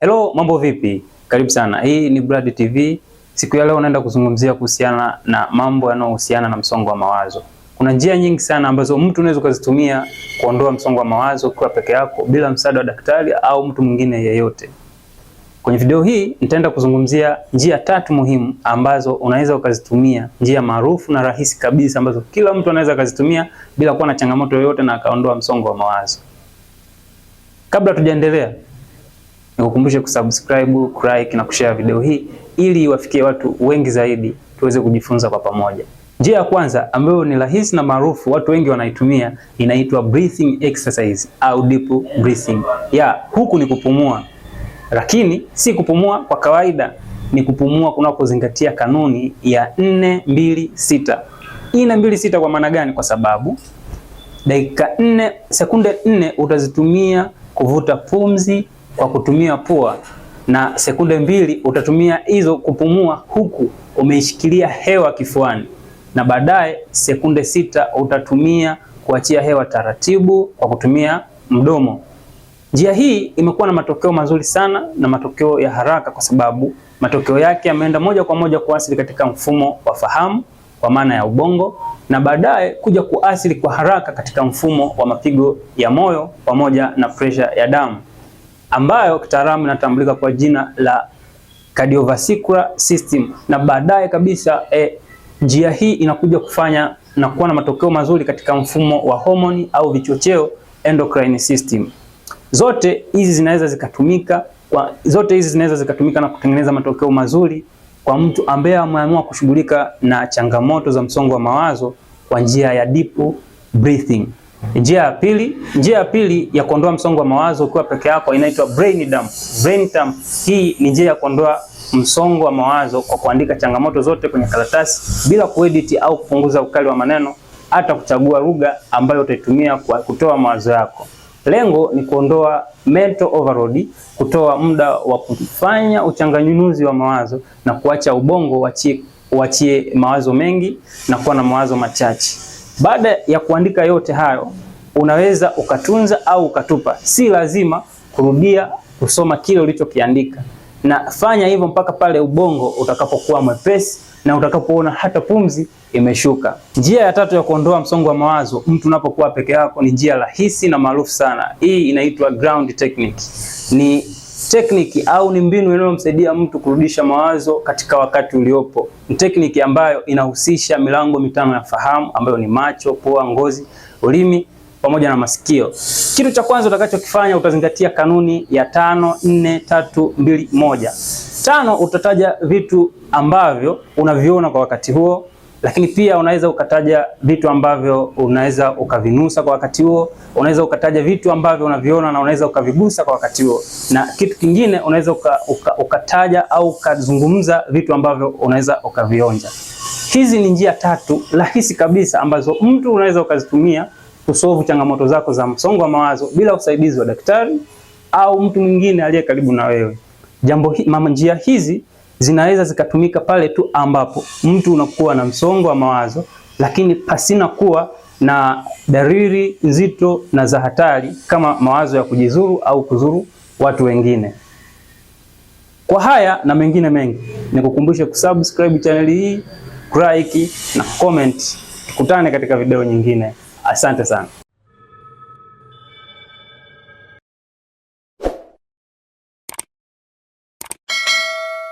Hello, mambo vipi? Karibu sana. Hii ni Brad TV. Siku ya leo naenda kuzungumzia kuhusiana na mambo yanayohusiana na msongo wa mawazo. Kuna njia nyingi sana ambazo mtu unaweza ukazitumia kuondoa msongo wa mawazo ukiwa peke yako bila msaada wa daktari au mtu mwingine yeyote. Kwenye video hii nitaenda kuzungumzia njia tatu muhimu ambazo unaweza ukazitumia, njia maarufu na rahisi kabisa ambazo kila mtu anaweza akazitumia bila kuwa na changamoto yoyote na akaondoa msongo wa mawazo. Kabla tujaendelea Nikukumbushe kusubscribe, like na kushare video hii ili iwafikie watu wengi zaidi tuweze kujifunza kwa pamoja. Njia ya kwanza ambayo ni rahisi na maarufu watu wengi wanaitumia inaitwa breathing exercise au deep breathing. Ya huku ni kupumua, lakini si kupumua kwa kawaida, ni kupumua kunakozingatia kanuni ya nne mbili sita. Nne mbili sita kwa maana gani? Kwa sababu dakika 4 sekunde 4 utazitumia kuvuta pumzi kwa kutumia pua na sekunde mbili utatumia hizo kupumua huku umeishikilia hewa kifuani, na baadaye sekunde sita utatumia kuachia hewa taratibu kwa kutumia mdomo. Njia hii imekuwa na matokeo mazuri sana na matokeo ya haraka, kwa sababu matokeo yake yameenda moja kwa moja kuasili katika mfumo wa fahamu kwa maana ya ubongo, na baadaye kuja kuasili kwa haraka katika mfumo wa mapigo ya moyo pamoja na presha ya damu ambayo kitaalamu inatambulika kwa jina la cardiovascular system, na baadaye kabisa e, njia hii inakuja kufanya na kuwa na matokeo mazuri katika mfumo wa homoni au vichocheo endocrine system. Zote hizi zinaweza zikatumika kwa, zote hizi zinaweza zikatumika na kutengeneza matokeo mazuri kwa mtu ambaye ameamua kushughulika na changamoto za msongo wa mawazo kwa njia ya deep breathing. Njia ya pili, njia ya pili ya kuondoa msongo wa mawazo ukiwa peke yako inaitwa brain dump. Brain dump hii ni njia ya kuondoa msongo wa mawazo kwa kuandika changamoto zote kwenye karatasi bila kuedit au kupunguza ukali wa maneno, hata kuchagua lugha ambayo utaitumia kwa kutoa mawazo yako. Lengo ni kuondoa mental overload, kutoa muda wa kufanya uchanganyunuzi wa mawazo na kuacha ubongo uachie mawazo mengi na kuwa na mawazo machache. Baada ya kuandika yote hayo, unaweza ukatunza au ukatupa. Si lazima kurudia kusoma kile ulichokiandika, na fanya hivyo mpaka pale ubongo utakapokuwa mwepesi na utakapoona hata pumzi imeshuka. Njia ya tatu ya kuondoa msongo wa mawazo mtu unapokuwa peke yako ni njia rahisi na maarufu sana. Hii inaitwa ground technique. Ni tekniki au ni mbinu inayomsaidia mtu kurudisha mawazo katika wakati uliopo. Ni tekniki ambayo inahusisha milango mitano ya fahamu ambayo ni macho, pua, ngozi, ulimi pamoja na masikio. Kitu cha kwanza utakachokifanya utazingatia kanuni ya tano nne tatu mbili moja. Tano utataja vitu ambavyo unaviona kwa wakati huo lakini pia unaweza ukataja vitu ambavyo unaweza ukavinusa kwa wakati huo, unaweza ukataja vitu ambavyo unaviona na unaweza ukavigusa kwa wakati huo, na kitu kingine unaweza uka, uka, ukataja au ukazungumza vitu ambavyo unaweza ukavionja. Hizi ni njia tatu rahisi kabisa ambazo mtu unaweza ukazitumia kusolve changamoto zako za msongo wa mawazo bila usaidizi wa daktari au mtu mwingine aliye karibu na wewe. Jambo, njia hizi zinaweza zikatumika pale tu ambapo mtu unakuwa na msongo wa mawazo, lakini pasina kuwa na dalili nzito na za hatari kama mawazo ya kujizuru au kuzuru watu wengine. Kwa haya na mengine mengi, nikukumbushe kusubscribe chaneli hii, like na comment. Tukutane katika video nyingine. Asante sana.